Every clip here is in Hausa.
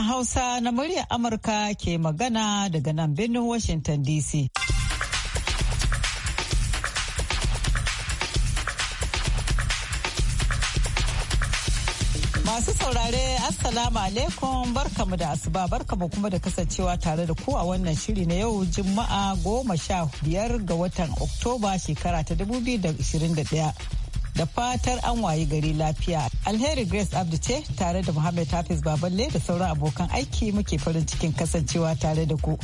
sashen Hausa na muryar Amurka ke magana daga nan birnin Washington DC. Masu saurare Assalamu alaikum barkamu da asuba barkamu kuma da kasancewa tare da ku a wannan shiri na yau Juma'a goma sha biyar ga watan Oktoba shekara ta 2021. da fatar an wayi gari lafiya alheri grace abdu ce tare da muhammed hafiz baballe da sauran abokan aiki muke farin cikin kasancewa tare da ku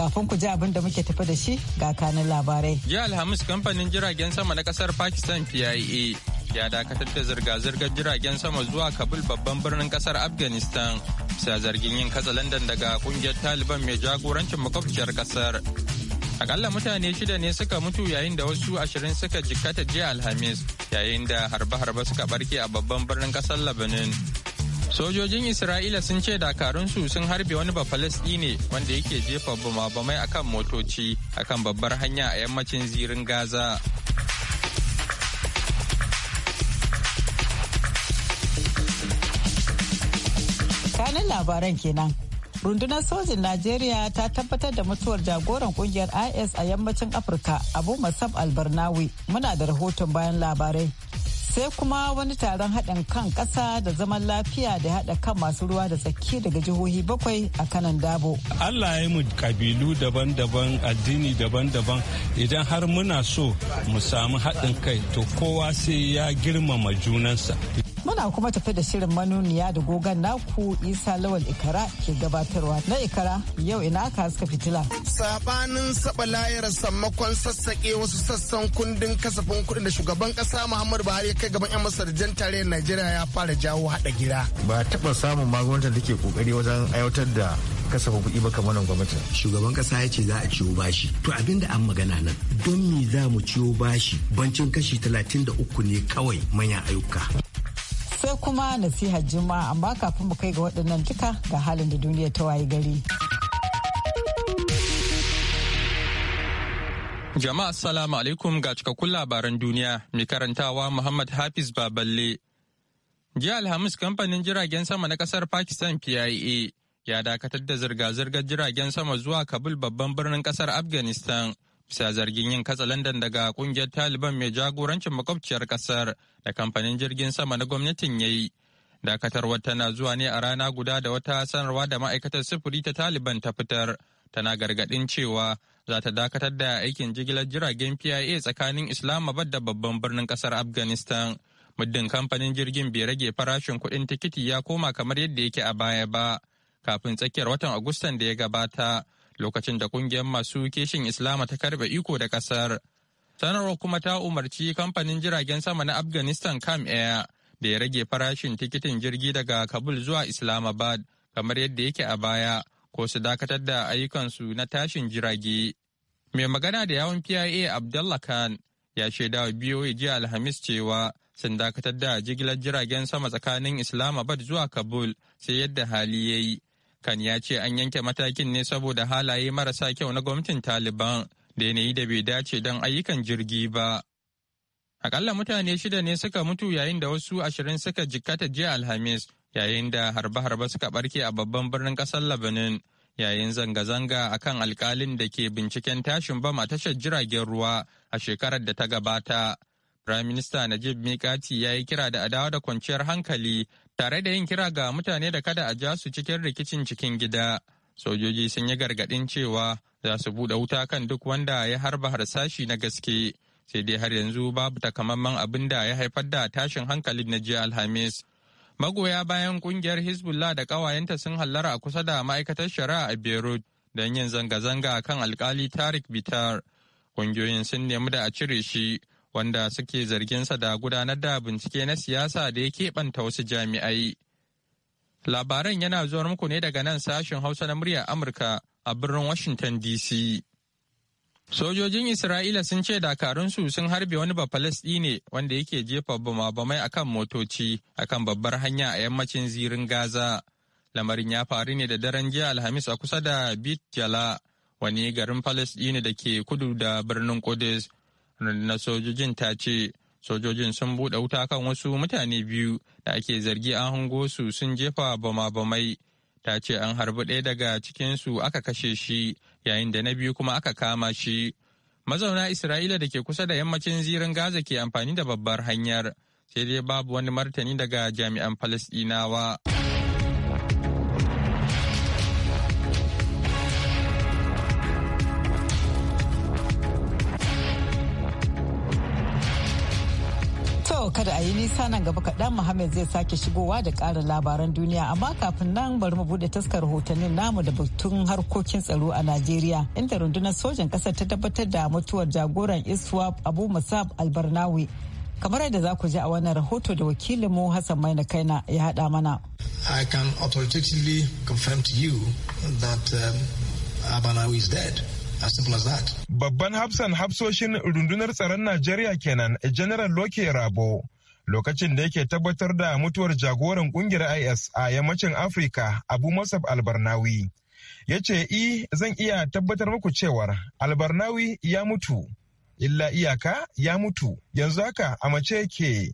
kafin ku ji abin da muke tafi da shi ga kanin labarai jiya alhamis kamfanin jiragen sama na kasar pakistan pia ya dakatar da zirga-zirgar jiragen sama zuwa kabul babban birnin kasar afghanistan bisa zargin yin katsalandan daga kungiyar taliban mai jagorancin makwabciyar kasar Akalla mutane shida ne suka mutu yayin da wasu ashirin suka jikkata jiya Alhamis yayin da harbe-harbe suka barke a babban birnin kasar Lebanon. Sojojin Isra'ila sun ce dakarunsu sun harbe wani ne wanda yake jefa bumabamai akan motoci akan babbar hanya a yammacin zirin Gaza. Kanin labaran kenan. rundunar sojin najeriya ta tabbatar da mutuwar jagoran kungiyar is a yammacin afirka abu masab albarnawi muna da rahoton bayan labarai sai kuma wani taron haɗin kan ƙasa da zaman lafiya da haɗa kan masu ruwa da tsaki daga jihohi bakwai a kanan dabo. Allah ya yi mu kabilu daban-daban addini daban-daban idan har muna so mu samu haɗin kai to kowa sai ya girmama junansa. Muna kuma tafi da shirin manuniya da gogan naku Isa Lawal Ikara ke gabatarwa. Na Ikara yau ina aka haska fitila. Sabanin saba layar sammakon sassaƙe wasu sassan kundin kasafin kuɗin da shugaban ƙasa Muhammadu Buhari ya kai gaban 'yan masarjan tarayyar Najeriya ya fara jawo haɗa gida. Ba taɓa samun magwamnatin da ke ƙoƙari wajen aiwatar da kasafin kuɗi ba kamar gwamnati. Shugaban ƙasa ya ce za a ciwo bashi. To abinda an magana nan don me za mu ciwo bashi bancin kashi talatin da uku ne kawai manyan ayyuka. sai kuma nasihar juma'a amma kafin mu kai ga waɗannan duka ga halin da duniya ta waye gari. Jama'a salamu alaikum ga cikakkun labaran duniya mai karantawa Muhammad Hafiz Baballe. Jiya Alhamis kamfanin jiragen sama na kasar Pakistan PIA ya dakatar da zirga-zirgar jiragen sama zuwa Kabul babban birnin kasar Afghanistan bisa zargin yin katsalandan daga kungiyar taliban mai jagorancin makwabciyar kasar da kamfanin jirgin sama na gwamnatin ya yi dakatarwar tana zuwa ne a rana guda da wata sanarwa da ma'aikatar sufuri ta taliban ta fitar tana gargadin cewa za ta dakatar da aikin jigilar jiragen pia tsakanin islamabad da babban birnin kasar afghanistan muddin kamfanin jirgin bai rage farashin kuɗin tikiti ya koma kamar yadda yake a baya ba kafin tsakiyar watan agustan da ya gabata lokacin da kungiyar masu kishin Islama ta karbe iko da kasar. Sanarwar kuma ta umarci kamfanin jiragen sama na Afghanistan Kam Air da ya rage farashin tikitin jirgi daga Kabul zuwa Islamabad kamar yadda yake a baya ko su dakatar da ayyukansu na tashin jirage. Mai magana da yawon PIA Abdullah Khan ya shaida wa ya jiya Alhamis cewa sun dakatar da jigilar jiragen sama tsakanin Islamabad zuwa Kabul sai yadda hali ya yi kan ya ce an yanke matakin ne saboda halaye marasa kyau na gwamnatin taliban da yanayi da bai dace don ayyukan jirgi ba akalla mutane shida ne suka mutu yayin da wasu ashirin suka jikkata jiya alhamis yayin da harbe-harbe suka barke a babban birnin kasar labanin yayin zanga-zanga a kan alkalin da ke binciken tashin bam a tashar jiragen ruwa a shekarar da ta gabata firayim minista Najib Mikati ya yi kira da adawa da kwanciyar hankali tare da yin kira ga mutane da kada a ja su cikin rikicin cikin gida sojoji sun yi gargaɗin cewa za su buɗe wuta kan duk wanda ya harba harsashi na gaske sai dai har yanzu babu takamaiman abin da ya haifar da tashin hankalin na jiya alhamis magoya bayan kungiyar hezbollah da ƙawayenta sun hallara a kusa da ma'aikatar shari'a a beirut don yin zanga-zanga kan alkali tarik bitar kungiyoyin sun nemi da a cire shi wanda suke zargin sa da gudanar da bincike na siyasa da ya keɓanta wasu jami'ai. Labaran yana zuwa muku ne daga nan sashen Hausa na muryar Amurka a birnin Washington DC. Sojojin Isra'ila sun ce dakarunsu sun harbe wani ne wanda yake jefa bama-bamai akan motoci akan babbar hanya a yammacin zirin Gaza. Lamarin ya faru ne da daren jiya Alhamis a kusa da Bit Jala, wani garin Falasɗini da ke kudu da birnin Kudus na sojojin ta ce sojojin sun buɗe wuta kan wasu mutane biyu da ake zargi an hango su sun jefa bama-bamai ta ce an harbi ɗaya daga cikinsu aka kashe shi yayin da na biyu kuma aka kama shi mazauna isra'ila da ke kusa da yammacin zirin gaza ke amfani da babbar hanyar sai dai babu wani martani daga jami'an falasɗinawa To kada a yi nisa nan gaba kaɗan Muhammad zai sake shigowa da ƙarin labaran duniya amma kafin nan bari mu buɗe taskar rahotannin namu da batun harkokin tsaro a Najeriya inda rundunar sojan ƙasar ta tabbatar da mutuwar jagoran Iswap Abu Musab Albarnawi kamar yadda za ku ji a wannan rahoto da wakilin mu Hassan Maina Kaina ya haɗa mana. I can authoritatively confirm to you that um, Abanawi is dead. As simple as that. Babban hafsan hafsoshin rundunar tsaron Najeriya kenan, General Loke Rabo. Lokacin da yake tabbatar da mutuwar jagoran kungiyar IS a yammacin Afirka, Abu Musab Albarnawi. Ya ce, "I zan iya tabbatar muku cewar Albarnawi ya mutu." illa iyaka ya mutu yanzu haka a mace yake.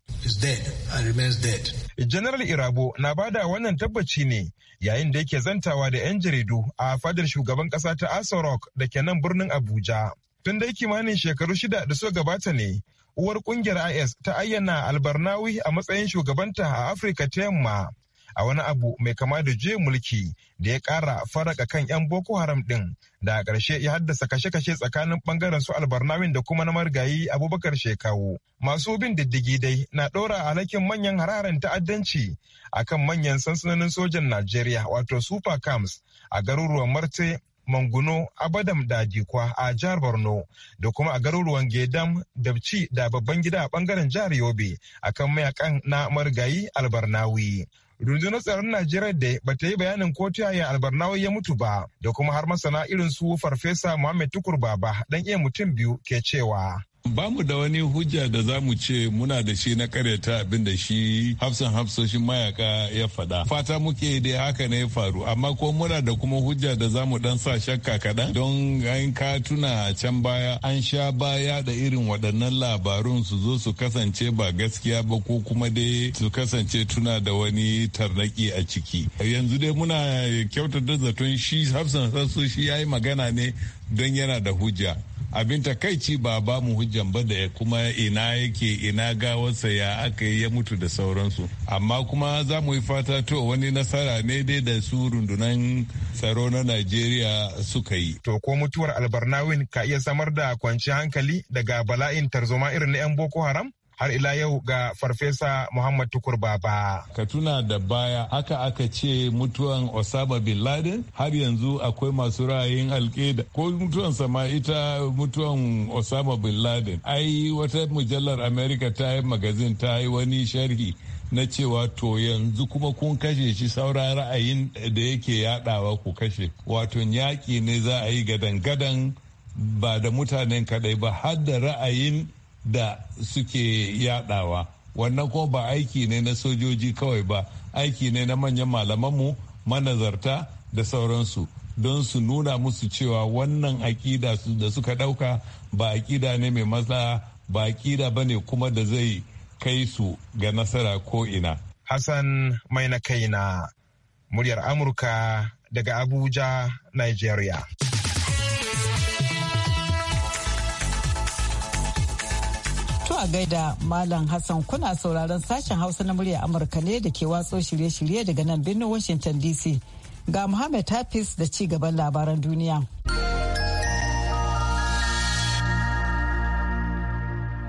General Irabo na bada wannan tabbaci ne yayin da yake zantawa da 'yan jaridu a fadar shugaban ƙasa ta Aso Rock da ke nan birnin Abuja. Tun dai kimanin shekaru shida da so gabata ne, uwar kungiyar IS ta ayyana albarnawi a matsayin shugabanta a Afirka ta yamma. a wani abu mai kama da juyin mulki da ya kara faraka kan 'yan Boko Haram ɗin da a ƙarshe ya haddasa kashe-kashe tsakanin ɓangaren su albarnawin da kuma na margayi Abubakar Shekawu. Masu bin diddigi dai na ɗora alhakin manyan hararen ta'addanci a kan manyan sansanonin sojan Najeriya wato Super Camps a garuruwan Marte, Manguno, Abadam da Dikwa a jihar Borno da kuma a garuruwan Gedam, Dabci da babban gida a bangaren jihar Yobe akan mayakan na marigayi Albarnawi. rundunar tsaron Najeriya da ba ta yi bayanin ko ta yaya albarnawa ya mutu ba da kuma har masana irin su farfesa Muhammad Tukur Baba dan iya mutum biyu ke cewa Ba mu da wani hujja da za mu ce muna da shi na karyata abin da shi hafsan hafsoshin mayaka ya faɗa. Fata muke dai haka ne ya faru amma ko muna da kuma hujja da za mu dan sa shakka kaɗan don an ka tuna can baya an sha baya da irin waɗannan labarun su zo su kasance ba gaskiya ba ko kuma dai su kasance tuna da wani tarnaki a ciki. Yanzu dai muna kyautata zaton shi hafsan hafsoshi ya yi magana ne don yana da hujja. abin takaici ba ba mu hujjan ba da kuma ina yake ina gawarsa ya aka yi ya mutu da sauransu amma kuma za mu yi fata to wani nasara ne dai da su rundunan tsaro na najeriya suka yi to ko mutuwar albarnawin ka iya samar da kwanci hankali daga bala'in tarzoma irin na 'yan boko haram har ila yau ga farfesa muhammad tukur baba ka tuna da baya haka aka ce mutuwan osama bin laden har yanzu akwai masu ra'ayin alkeda ko mutuwan sama ita mutuwan osama bin laden ai wata mujallar amerika ta yi magazin ta yi wani sharhi na cewa to yanzu kuma kun kashe shi saura ra'ayin da yake yadawa ku kashe wato yaƙi ne za a yi gadan-gadan ba da mutanen kaɗai ba har da ra'ayin da suke yadawa wannan ko ba aiki ne na sojoji kawai ba aiki ne na manyan malamanmu manazarta da sauransu don su nuna musu cewa wannan aƙida da suka ɗauka ba aƙida ne mai matsa ba aƙida ba ne kuma da zai kai su ga nasara ko ina. Hassan mai na kai na muryar Amurka daga Abuja, Nigeria. a gaida Malam Hassan kuna sauraron sashen Hausa na murya Amurka ne da ke watso shirye-shirye daga nan birnin Washington DC. Ga Muhammad Hafiz da ci gaban labaran duniya.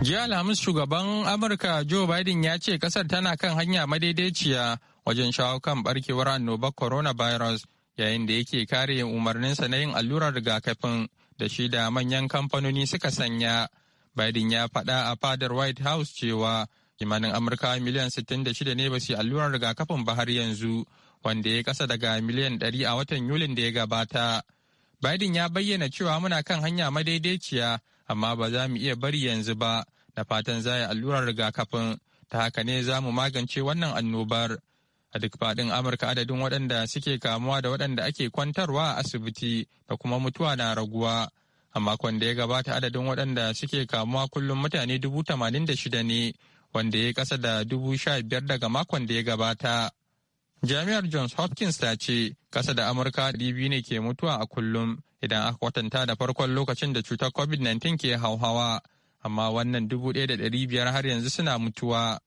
Jiya Alhamis shugaban Amurka Joe Biden ya ce kasar tana kan hanya madaidaiciya wajen shawo kan barkewar annobar coronavirus yayin da yake kare umarninsa na yin allurar rigakafin da shi da manyan kamfanoni suka sanya. Biden ya faɗa a fadar White House cewa kimanin Amurka miliyan 66 ne ba su allurar rigakafin ba har yanzu wanda ya kasa daga miliyan 100 a watan Yulin da ya gabata. Biden ya bayyana cewa muna kan hanya madaidaiciya amma ba za mu iya bari yanzu ba da fatan za yi allurar rigakafin ta haka ne za mu magance wannan annobar. A duk faɗin Amurka adadin waɗanda suke kamuwa da waɗanda ake kwantarwa a asibiti da kuma mutuwa na raguwa. A makon da ya gabata adadin waɗanda suke kamuwa kullum mutane dubu tamanin da shida ne, wanda ya kasa da dubu sha biyar daga makon da ya gabata. Jami'ar Johns Hopkins ta ce kasa da Amurka biyu ne ke mutuwa a kullum idan aka kwatanta da farkon lokacin da cutar COVID-19 ke hauhawa, amma wannan dubu ɗaya da ɗari biyar har yanzu suna mutuwa.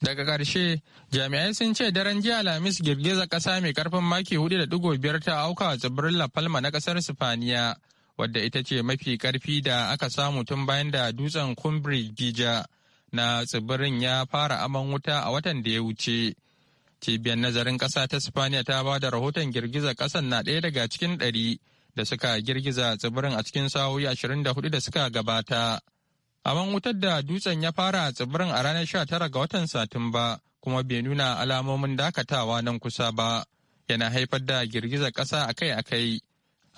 Daga ƙarshe, jami'ai sun ce daren jiya lamis girgizar ƙasa mai ƙarfin maki hudu da biyar ta auka a tsibirin La Palma na ƙasar Sifaniya. wadda ita ce mafi karfi da aka samu tun bayan da dutsen kumbri gija na tsibirin ya fara aman wuta a watan da ya wuce cibiyar nazarin ƙasa ta spaniya ta ba da rahoton girgiza kasan na ɗaya daga cikin ɗari da suka girgiza tsibirin a cikin sa'o'i ashirin da hudu da suka gabata aman wutar da dutsen ya fara a tsibirin a ranar sha tara ga watan satumba kuma bai nuna alamomin dakatawa nan kusa ba yana haifar da girgizar ƙasa akai-akai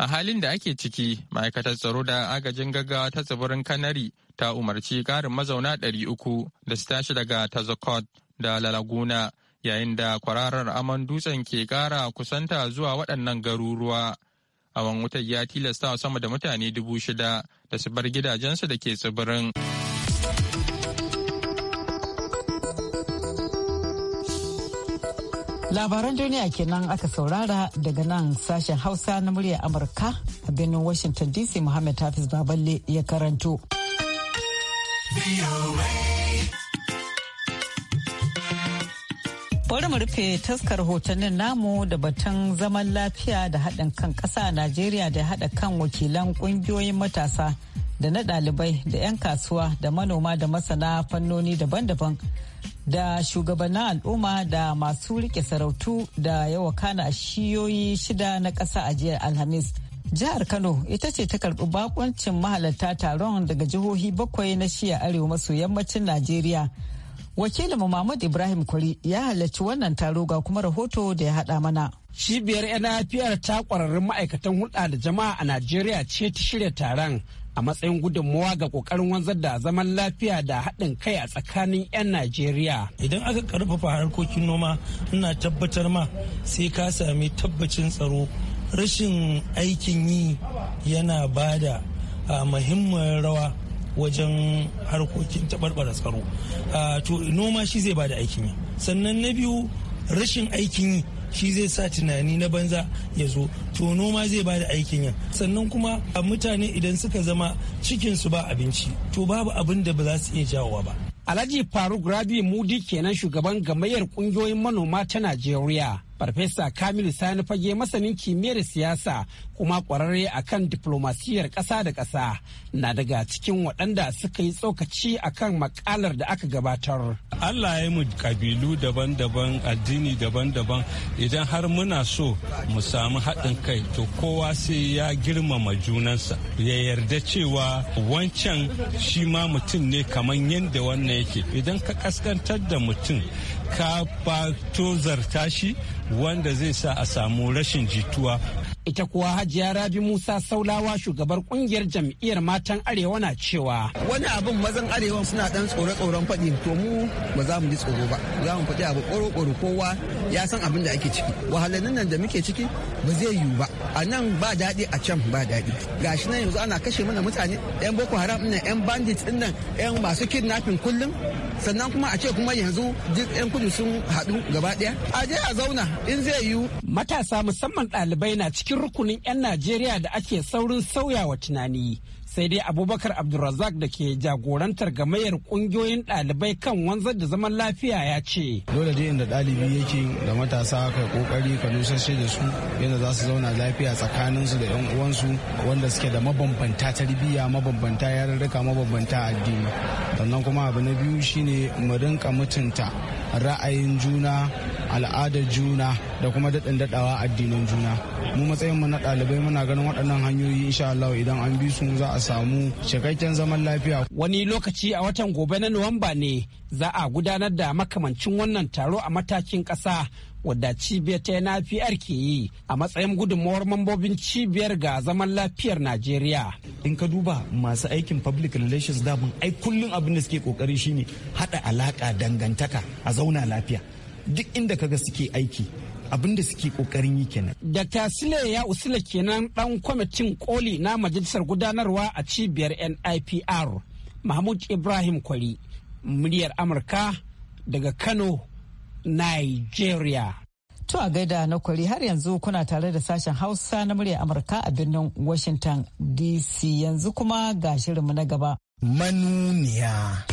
a halin da ake ciki ma'aikatar tsaro da agajin gaggawa ta tsibirin kanari ta umarci karin mazauna ɗari uku da su tashi daga tazakot da lalaguna yayin da kwararar aman dutsen ke kara kusanta zuwa waɗannan garuruwa awan wutar ya tilasta sama da mutane dubu shida da su bar gidajensu da ke tsibirin. Labaran duniya kenan aka saurara daga nan sashen Hausa na muryar Amurka a birnin Washington DC Muhammad Hafiz Baballe ya karanto. Bari mu rufe taskar hotonin namu da batun zaman lafiya da haɗin kan ƙasa a Najeriya da haɗa kan wakilan ƙungiyoyin matasa da na ɗalibai da 'yan kasuwa da manoma da masana fannoni daban-daban. da shugabannin al'umma da masu rike sarautu da yawa kana shiyoyi shida na ƙasa a jiyar alhamis jihar kano ita ce ta karɓi bakoncin mahalarta taron daga jihohi bakwai na shiya arewa maso yammacin najeriya wakilin mahmud ibrahim kwari ya halarci wannan taro ga kuma rahoto da ya haɗa mana Cibiyar lafiyar ta kwararrun ma'aikatan hulɗa da jama'a a Najeriya ce ta shirya taron a matsayin gudunmawa ga kokarin wanzar da zaman lafiya da haɗin kai a tsakanin 'yan najeriya idan aka karfafa harkokin noma ina tabbatar ma sai ka sami tabbacin tsaro rashin aikin yi yana bada da muhimmin rawa wajen harkokin taɓarɓara tsaro to noma shi zai ba da aikin yi sannan na biyu rashin aikin yi shi zai sa tunani na banza ya zo to noma zai bada aikin yin sannan kuma a mutane idan suka zama cikin su ba abinci to babu abin da ba za su iya jawowa ba Alhaji Faruk Rabi Mudi kenan shugaban gamayyar kungiyoyin manoma ta Najeriya. Farfesa Kamilu Sani fage masanin kimiyyar siyasa kuma kwararre akan diplomasiyar ƙasa da ƙasa na daga cikin waɗanda suka yi tsokaci akan makalar da aka gabatar. Allah ya mu kabilu daban-daban addini daban-daban idan har muna so mu samu haɗin kai to kowa sai ya girmama junansa ya yarda cewa wancan shi ma mutum ne kamar yadda wannan yake idan ka kaskantar da mutum ka zarta shi wanda zai sa a samu rashin jituwa ita kuwa hajiya rabi musa saulawa shugabar kungiyar jam'iyyar matan arewa na cewa wani abin mazan arewa suna dan tsoro tsoron faɗi to mu ba za mu ji tsoro ba za mu faɗi abu ƙoro ƙoro kowa ya san abin da ake ciki wahalannin nan da muke ciki ba zai yiwu ba a nan ba daɗi a can ba daɗi gashi nan yanzu ana kashe mana mutane yan boko haram ɗin yan bandit ɗin nan yan masu kidnapping kullum sannan kuma a ce kuma yanzu duk yan kudu sun haɗu gaba ɗaya a je a zauna in zai yiwu matasa musamman ɗalibai na cikin cikin rukunin 'yan Najeriya da ake saurin sauyawa tunani. Sai dai Abubakar Abdulrazak da ke jagorantar gamayar kungiyoyin ɗalibai kan wanzar da zaman lafiya ya ce. Dole dai inda ɗalibi yake da matasa ka kokari ka nusashe da su yadda za su zauna lafiya tsakanin su da 'yan uwansu wanda suke da mabambanta tarbiyya mabambanta yarurruka mabambanta addini. Sannan kuma abu na biyu shine mu rinka mutunta ra'ayin juna al'adar juna da kuma daɗin daɗawa addinin juna mu matsayin mu na ɗalibai muna ganin waɗannan hanyoyi insha Allah idan an bi su za a samu cikakken zaman lafiya wani lokaci a watan gobe na Nuwamba ne za a gudanar da makamancin wannan taro a matakin ƙasa wadda cibiyar ta nafiyar ke yi a matsayin gudunmawar mambobin cibiyar ga zaman lafiyar Najeriya. In ka duba masu aikin public relations damun ai kullum abin da suke kokari shine hada alaka dangantaka a zauna lafiya. Duk inda kaga suke aiki abin da suke kokarin yi kenan. Da Sile ya usula kenan ɗan kwamitin koli na majalisar gudanarwa a cibiyar NIPR. Mahmud Ibrahim Kwari, muryar Amurka daga Kano, Nigeria. To a gaida na kwari har yanzu kuna tare da sashen Hausa na murya Amurka a birnin Washington DC yanzu kuma ga shirinmu na gaba. Manuniya.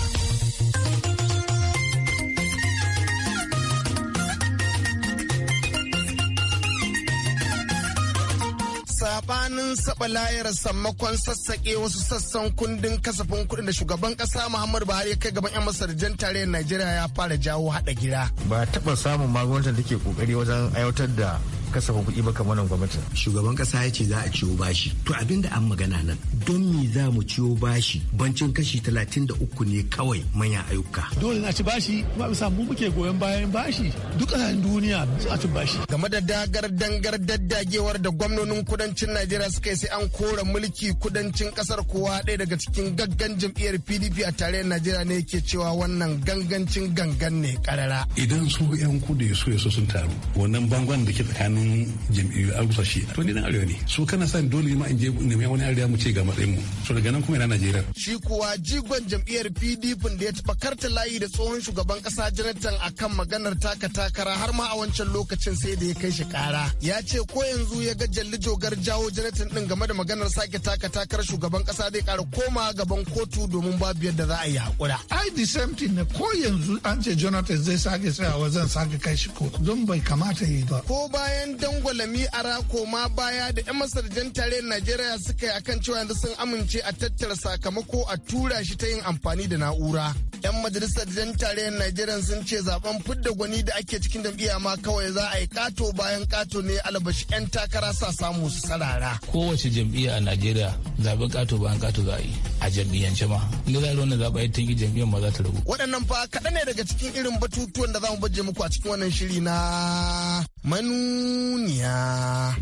sabanin saba layar sammakon sassaƙe wasu sassan kundin kasafin kuɗin da shugaban ƙasa Muhammadu Buhari ya kai gaban 'yan masarjan tarayyar Najeriya ya fara jawo haɗa gida. Ba taɓa samun magwamnatin da ke ƙoƙari wajen aiwatar da kasafin kuɗi ba kamar gwamnati. Shugaban kasa ya ce za a ciwo bashi. To abin da an magana nan don me za mu ciwo bashi bancin kashi talatin da uku ne kawai manyan ayyuka. Dole na ci bashi kuma bisa mu muke goyon bayan bashi duk ƙasashen duniya za a ci bashi. Game da dagar dangar daddagewar da gwamnonin kudancin Najeriya suka yi sai an kora mulki kudancin kasar kowa ɗaya daga cikin gaggan jam'iyyar PDP a tarayyar Najeriya ne yake cewa wannan gangancin gangan ne karara. Idan su 'yan kudu su sun taru wannan bangon da ke tsakanin tsakanin jam'iyyu a rusa shi to ni dan arewa ne so kana sa dole ma in je nemi wani arewa mu ce ga matsayin mu so daga nan kuma ina Najeriya shi kuwa jigon jam'iyyar PDP da ya taba karta layi da tsohon shugaban kasa Jonathan akan maganar taka takara har ma a wancan lokacin sai da ya kai shi kara ya ce ko yanzu ya ga jalli jogar jawo Jonathan din game da maganar sake taka takarar shugaban kasa zai kara koma gaban kotu domin babu yadda za a yi hakura ai the same thing ne ko yanzu an ce Jonathan zai sake tsayawa zan sake kai shi kotu don bai kamata yi ba ko bayan 'yan dangwalami a rako ma baya da 'yan masarjan tare Najeriya suka yi akan cewa yanzu sun amince a tattara sakamako a tura shi ta yin amfani da na'ura. 'Yan majalisar jan tarayyar Najeriya sun ce zaben fidda gwani da ake cikin jam'iyya ma kawai za a yi kato bayan kato ne albashi 'yan takara sa samu su sarara. Kowace jam'iyya a Najeriya zaben kato bayan kato za a yi. a jam'iyyance ma inda za a wannan zaɓa yadda yi jam'iyyar ma ta rabu. waɗannan fa kaɗan ne daga cikin irin batutuwan da za mu baje muku a cikin wannan shiri na manuniya.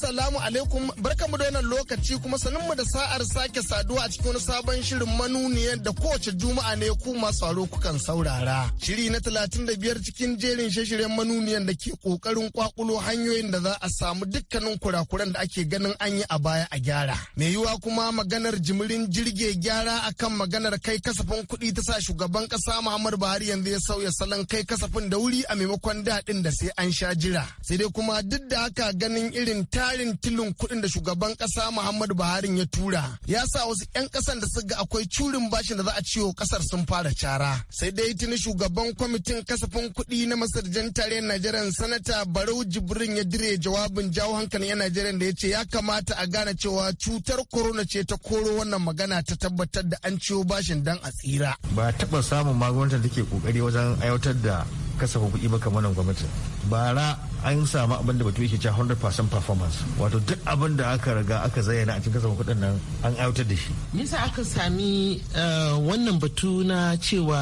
Assalamu alaikum barka da wannan lokaci kuma sanin mu da sa'ar sake saduwa a cikin wani sabon shirin manuniyar da kowace juma'a ne ku masu sauraro kukan saurara. Shiri na talatin da biyar cikin jerin shirin manuniyar da ke kokarin kwakulo hanyoyin da za a samu dukkanin kurakuran da ake ganin an yi a baya a gyara. Mai yiwuwa kuma maganar jimirin jirge gyara akan maganar kai kasafin kuɗi ta sa shugaban kasa Muhammadu Buhari yanzu ya sauya salon kai kasafin da wuri a maimakon daɗin da sai an sha jira. Sai dai kuma duk da haka ganin irin ta tsarin tilin kudin da shugaban kasa Muhammadu Buhari ya tura ya sa wasu 'yan kasan da suka akwai curin bashin da za a ciwo kasar sun fara cara. Sai dai tuni shugaban kwamitin kasafin kudi na Masar Jan Tarayyar Najeriya Sanata Barau Jibrin ya dire jawabin jawo hankalin 'yan Najeriya da ya ce ya kamata a gane cewa cutar korona ce ta koro wannan magana ta tabbatar da an ciwo bashin dan a tsira. Ba taba samun magungunan da take kokari wajen aiwatar da kasafin kuɗi ba kamar gwamnati. bara an samu abin da batu yake cewa 100% performance wato duk abin da aka riga aka zayyana a cikin kudin nan an aiwatar da shi yasa aka sami eh, wannan batu na cewa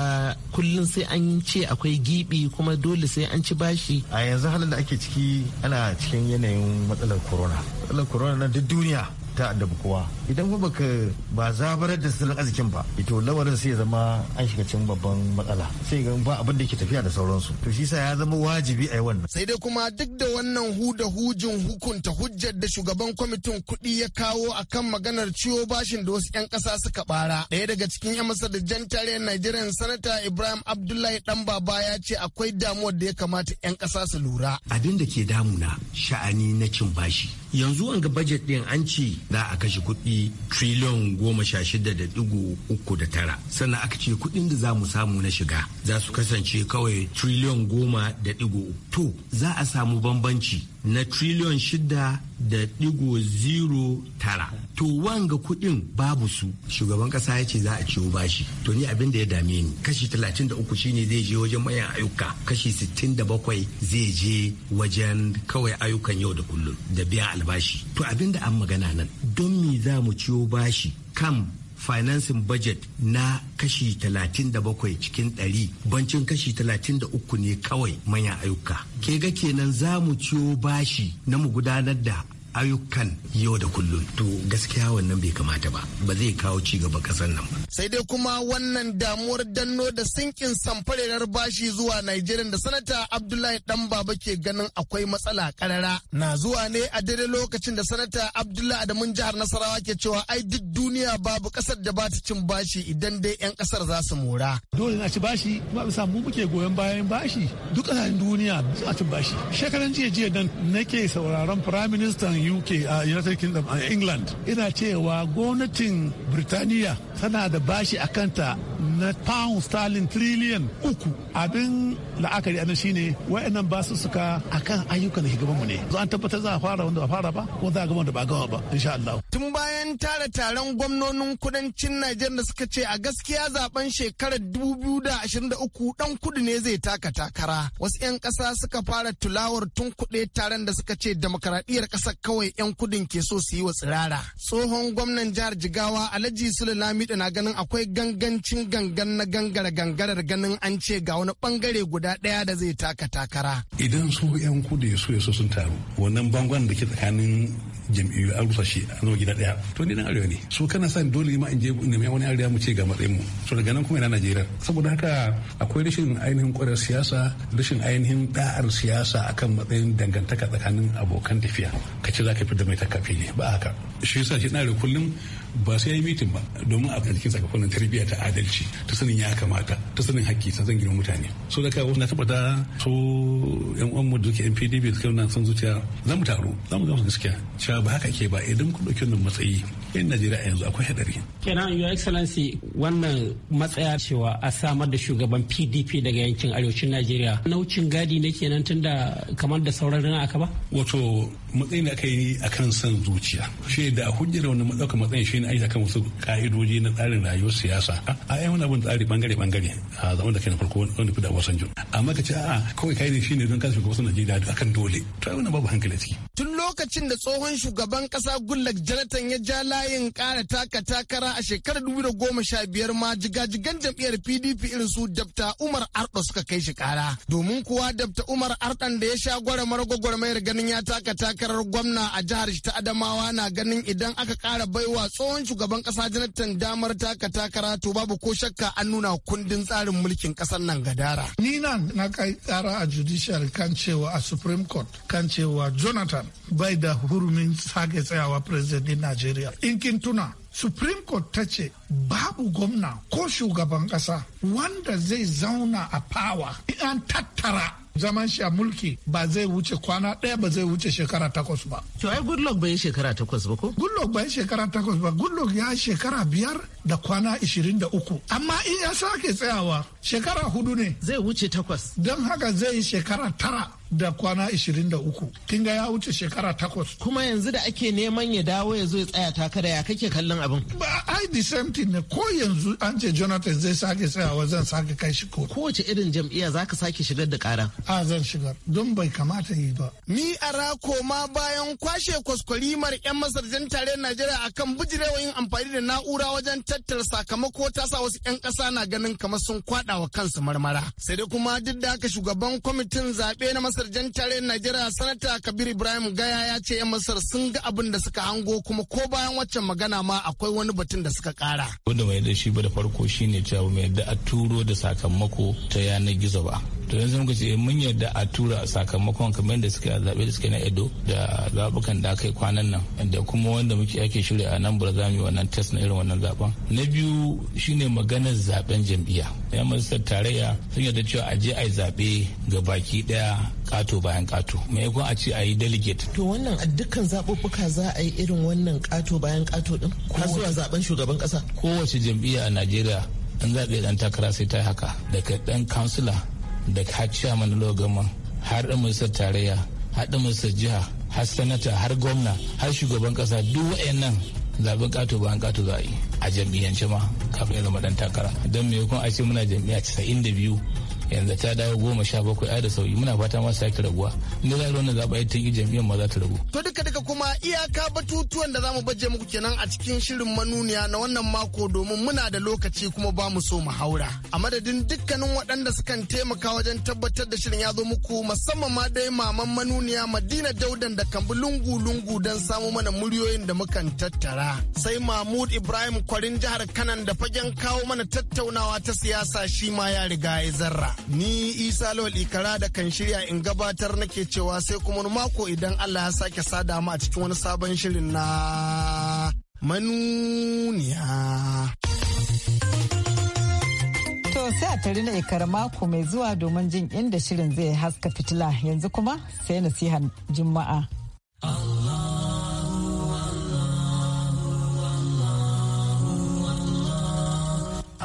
kullum sai an ce akwai gibi kuma dole sai an ci bashi a yanzu halin da ake ciki ana cikin yanayin matsalar corona matsalar corona na duk duniya ta addabi kowa idan kuma baka ba zabarar da sirrin arzikin ba ito lamarin sai zama an shiga cikin babban matsala sai ga ba abin da ke tafiya da sauransu to shi sa ya zama wajibi a wannan. Sai dai kuma duk da wannan huda hujin hukunta hujjar da shugaban kwamitin kuɗi ya kawo akan maganar ciwo bashin da wasu 'yan ƙasa suka ɓara, Ɗaya daga cikin 'yan da jan tarayyar Najeriya sanata Ibrahim Abdullahi dan baba ya ce akwai damuwar da ya kamata 'yan ƙasa su lura. Abin da ke damuna sha'ani na cin bashi. Yanzu an ga bajet ɗin an ce za a kashe kuɗi triliyon goma sha shida da digo uku da tara. Sannan aka ce kuɗin da za mu samu na shiga za su kasance kawai triliyon goma da digo uku. to za a samu bambanci na triliyon shida da digo zero tara to wanga kudin babu su shugaban kasa ya ce za a ciwo bashi to ni abin da ya dame ni kashi talatin da 33 shine zai je wajen mayan ayyuka kashi sittin da bakwai zai je wajen kawai ayyukan yau da kullum da biya albashi to abin da an magana nan don me za mu ciwo bashi kan financing budget na kashi 37 cikin 100 bancin kashi 33 ne kawai manyan ayyuka ke ga kenan za mu ciwo bashi na mu gudanar da ayyukan yau da kullum to gaskiya wannan bai kamata ba ba zai kawo ci gaba kasar nan ba sai dai kuma wannan damuwar danno da sinkin samfarerar bashi zuwa Najeriya da sanata Abdullahi dan baba ke ganin akwai matsala karara na zuwa ne a daidai lokacin da sanata Abdullahi Adamun jihar Nasarawa ke cewa ai duk duniya babu kasar da ba ta cin bashi idan dai yan kasar za su mora dole na ci bashi kuma bisa mu muke goyon bayan bashi duk kasashen duniya suna ci bashi shekaran jiya jiya dan nake sauraron prime minister uk a united kingdom a england ina cewa gwamnatin birtaniya tana da bashi a kanta na pound sterling trillion uku abin la'akari anan shine wayannan basu suka akan ayyukan da mu ne an tabbatar za a fara wanda ba fara ba ko za a gama da ba gama ba insha Allah tun bayan tara taron gwamnonin kudancin Najeriya da suka ce a gaskiya zaben shekarar 2023 dan kudu ne zai taka takara wasu 'yan kasa suka fara tulawar tun kuɗe taron da suka ce demokaradiyyar ƙasar kawai kawai 'yan kudin ke so su yi wa tsirara. Tsohon gwamnan jihar Jigawa Alhaji Sule Lamido na ganin akwai gangancin gangan na gangara gangarar ganin an ce ga wani bangare guda daya da zai taka takara. Idan so 'yan kudi so ya so sun taru wannan bangon da ke tsakanin jam'iyyu an rusa shi an zama gida daya to ni dan arewa ne so kana sa dole ma in je mai wani arewa mu ce ga matsayin mu so daga nan kuma ina najeriya saboda haka akwai rashin ainihin kwarar siyasa rashin ainihin da'ar siyasa akan matsayin dangantaka tsakanin abokan tafiya ka ce za ka da mai takafi ne ba haka shi yasa shi da kullum ba sai yi mitin ba domin a cikin sakafunan tarbiyya ta adalci ta sanin ya kamata ta sanin haƙƙi ta zan girma mutane so da kawo na tabbata su yan uwan mu da suke NPDB kai na san zuciya za mu taro za mu gama gaskiya cewa ba haka ke ba idan ku ɗauki wannan matsayi 'yan najeriya yanzu akwai hadari kenan your excellency wannan matsaya cewa a samar da shugaban pdp daga yankin arewacin najeriya na wucin gadi ne kenan tun da kamar da sauran rana aka ba wato matsayin da aka yi a kan son zuciya shi da hujjar wani matsaukar matsayi shi ne aika kan wasu ka'idoji na tsarin rayuwar siyasa a yi wani abin tsari bangare bangare a zaman da kai na farko wani fi da wasan jin amma ka ce a'a kawai kai ne shi ne don kasa wasu najeriya da akan dole to yi wani babu hankali ciki tun lokacin da tsohon shugaban kasa gullak jonathan ya ja layi yin kara taka takara a shekarar biyar ma jigajigan jam'iyyar PDP irin su dabta Umar Ardo suka kai shi kara. Domin kuwa dabta Umar arɗan da ya sha gwaramar gwagwarmayar ganin ya taka takarar gwamna a jihar shi ta Adamawa na ganin idan aka kara baiwa tsohon shugaban kasa Jonathan damar taka takara to babu ko shakka an nuna kundin tsarin mulkin kasar nan gadara. Ni nan na kai kara a judiciary kan cewa a Supreme Court kan cewa Jonathan bai da hurumin sake tsayawa president din Najeriya. ɗinkin tuna supreme court ta ce babu gwamna ko shugaban kasa wanda zai zauna a fawa an tattara zaman shi a mulki ba zai wuce kwana ɗaya ba zai wuce shekara takwas ba. To ai Goodluck bai shekara takwas ba ko? Goodluck bai shekara takwas ba. Goodluck ya shekara biyar da kwana 23 amma in ya sake tsayawa shekara hudu ne zai wuce takwas don haka zai yi shekara tara da kwana 23 kinga ga ya wuce shekara takwas kuma yanzu da ake neman ya dawo ya zo ya tsaya takara ya kake kallon abin ba ai the same thing ne ko yanzu an ce jonathan zai sake tsayawa zan sake kai shi ko kowace irin jam'iyya zaka sake shigar da kara a zan shigar don bai kamata yi ba ni a rako ma bayan kwashe kwaskwalimar yan masarjan tare najeriya akan bijirewa yin amfani da na'ura wajen tattara sakamako ta sa wasu 'yan kasa na ganin kamar sun kwaɗa wa kansu marmara. Sai dai kuma duk da haka shugaban kwamitin zaɓe na Masar jan tarayyar Najeriya sanata Kabir Ibrahim Gaya ya ce 'yan Masar sun ga abin da suka hango kuma ko bayan waccan magana ma akwai wani batun da suka kara. Wanda mai da shi ba da farko shine cewa mai da a turo da sakamako ta yanar gizo ba. to yanzu muka ce eh, mun yadda a tura sakamakon kamar da suka zaɓe da suka na edo da zaɓukan da aka yi kwanan nan da kuma wanda muke ake shirya a nan bura zamu yi wannan test na irin wannan zaben. na biyu shine maganar zaben jam'iyya yan majalisar tarayya sun yarda cewa a je a yi zaɓe ga baki ɗaya kato bayan kato maimakon a ce a yi delegate to wannan a dukkan zaɓuɓɓuka za a yi irin wannan kato bayan kato din har zuwa zaben shugaban ƙasa kowace jam'iyya a najeriya an zaɓe ɗan takara sai ta haka daga ɗan kansila daga har chairman logaman har ɗan majalisar tarayya har ɗan majalisar jiha har sanata har gwamna har shugaban ƙasa duk waɗannan zaben kato bayan kato za a yi a jam'iyyance ma kafin ya zama ɗan takara don me yakun a ce muna jam'iyya 92 yanzu ta dawo goma sha bakwai a da sauyi muna fata ma sake raguwa in da zo na zaɓa ta yi jam'iyyar ma ta ragu. to duka duka kuma iyaka batutuwan da zamu baje muku kenan a cikin shirin manuniya na wannan mako domin muna da lokaci kuma ba mu so mu haura a madadin dukkanin waɗanda sukan taimaka wajen tabbatar da shirin ya zo muku musamman ma dai maman manuniya madina daudan da kan bi lungu lungu don samu mana muryoyin da mukan tattara sai mahmud ibrahim kwarin jihar kanan da fagen kawo mana tattaunawa ta siyasa shi ma ya riga ya zarra Ni Isa Lawal Ikara da kan shirya in gabatar nake cewa sai kuma mako idan Allah ya sake sada mu a cikin wani sabon shirin na manuniya. To sai a tare na Ikara mako mai zuwa domin jin inda shirin zai haska fitila yanzu kuma sai nasihar Juma'a.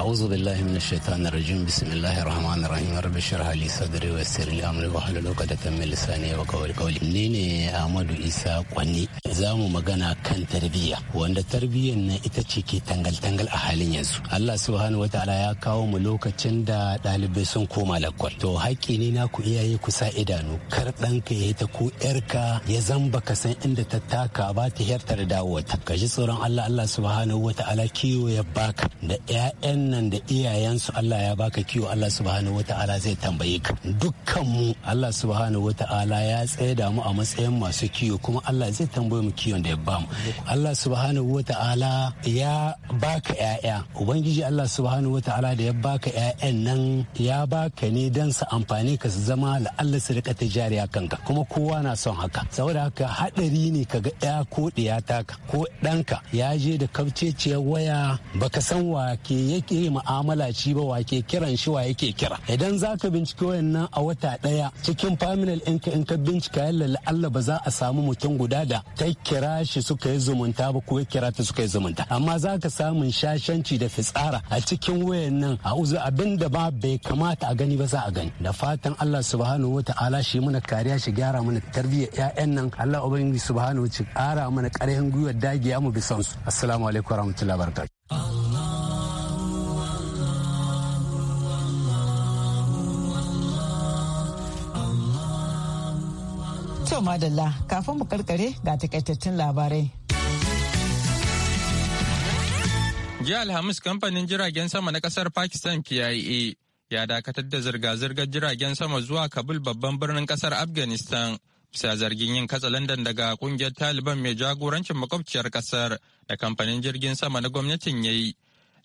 أعوذ بالله من الشيطان الرجيم بسم الله الرحمن الرحيم رب اشرح لي صدري ويسر لي أمري واحلل عقدة من لساني وقولي قولي نيني أحمد إيسا قني زامو مغانا كان تربية وأن تربية إن إتشيكي تنقل تنقل أهالي ينسو الله سبحانه وتعالى يا كاو ملوكا تشندا ɗalibai sun koma lakwal to haƙƙi ne na ku iyaye ku sa idanu kar ɗanka ya ta ko ƴarka ya zamba ka san inda ta taka ba ta yartar dawowata ka ji tsoron Allah Allah subhanahu wa ta'ala kiwo ya baka da ƴaƴan nan da iyayensu Allah ya baka kiwo Allah subhanahu ta'ala zai tambaye ka dukkan mu Allah subhanahu ta'ala ya tsaya da mu a matsayin masu kiwo kuma Allah zai tambaye mu kiwon da ya bamu Allah subhanahu ta'ala ya baka ƴaƴa ubangiji Allah subhanahu ta'ala da ya baka ƴaƴan nan ya baka ne dan su amfani ka su zama la'alla su rika tijariya kanka kuma kowa na son haka saboda haka hadari ne kaga ɗaya ko ɗiya taka ko ɗanka ya je da kabceciyar waya baka san wa ke yake yi mu'amala shi ba wa ke kiran shi wa yake kira idan za ka binciki wayannan a wata daya cikin faminal ɗinka in ka bincika yalla Allah ba za a samu mutum guda da ta kira shi suka yi zumunta ba ko kira ta suka yi zumunta amma za ka samun shashanci da fitsara a cikin wayannan a uzu abin da ba bai kamata a gani ba za a gani da fatan Allah subhanahu wata'ala shi mana kariya shi gyara mana tarbiyyar ƴaƴan nan Allah ubangiji subhanahu wa ta'ala mana ƙarfin gwiwar dagiya mu bi su assalamu alaikum warahmatullahi wabarakatuh madalla kafin mu karkare ga takaitattun labarai. Jiya Alhamis kamfanin jiragen sama na kasar Pakistan PIA ya dakatar da zirga-zirgar jiragen sama zuwa Kabul babban birnin kasar Afghanistan bisa zargin yin katsalandan daga kungiyar Taliban mai jagorancin makwabciyar kasar da kamfanin jirgin sama na gwamnatin ya yi.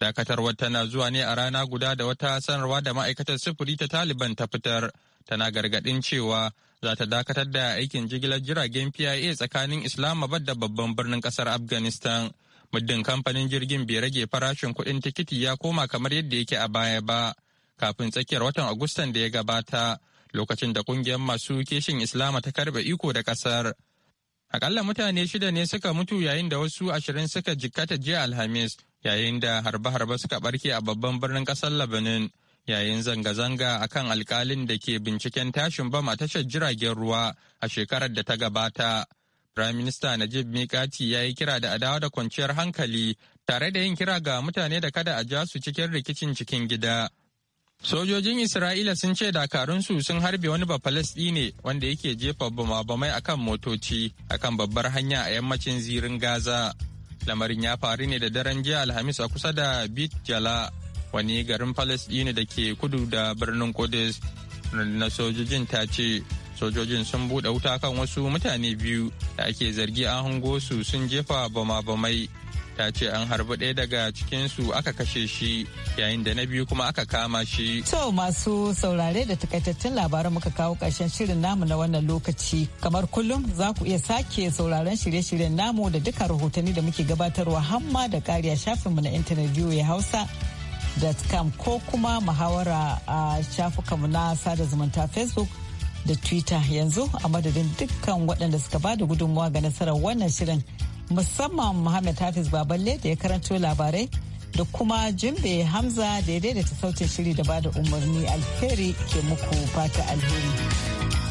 Dakatarwar tana zuwa ne a rana guda da wata sanarwa da ma'aikatar sufuri ta Taliban ta fitar tana gargadin cewa za ta dakatar da aikin jigilar jiragen PIA tsakanin Islamabad da babban birnin kasar Afghanistan. Muddin kamfanin jirgin bai rage farashin kuɗin tikiti ya koma kamar yadda yake a baya ba. Kafin tsakiyar watan Agustan da ya gabata, lokacin da kungiyar masu keshin Islama ta karbe iko da kasar. Akalla mutane shida ne suka mutu yayin da wasu ashirin suka jikkata jiya Alhamis, yayin da harbe-harbe suka barke a babban birnin kasar labanin. yayin zanga-zanga a kan alkalin da ke binciken tashin bama a tashar jiragen ruwa a shekarar da ta gabata. Prime Minister Najib Mikati ya yi kira da adawa da kwanciyar hankali tare da yin kira ga mutane da kada a ja su cikin rikicin cikin gida. Sojojin Isra'ila sun ce dakarunsu sun harbe wani Bafalastine wanda yake jefa bama-bamai akan motoci akan babbar hanya a yammacin zirin Gaza. Lamarin ya faru ne da daren jiya Alhamis a kusa da Bit Jala wani garin Falasɗini da ke kudu da birnin Kudus. Rundunar sojojin ta ce sojojin sun buɗe wuta kan wasu mutane biyu da ake zargi an hango su sun jefa bama-bamai. ta ce an harbi ɗaya daga cikinsu aka kashe shi yayin da na biyu kuma aka kama shi. To masu saurare da takaitattun labaran muka kawo ƙarshen shirin namu na wannan lokaci. Kamar kullum za ku iya sake sauraron shirye-shiryen namu da duka rahotanni da muke gabatarwa hamma da kariya shafinmu na intanet ya Hausa. facebook.com ko kuma muhawara a shafukanmu na sada zumunta facebook da twitter yanzu a madadin dukkan waɗanda suka ba da gudunmawa ga nasarar wannan shirin musamman muhammad hafiz baballe da ya karanto labarai da kuma jimbe hamza da ya daidaita sautin shiri da ba da umarni alheri ke muku fata alheri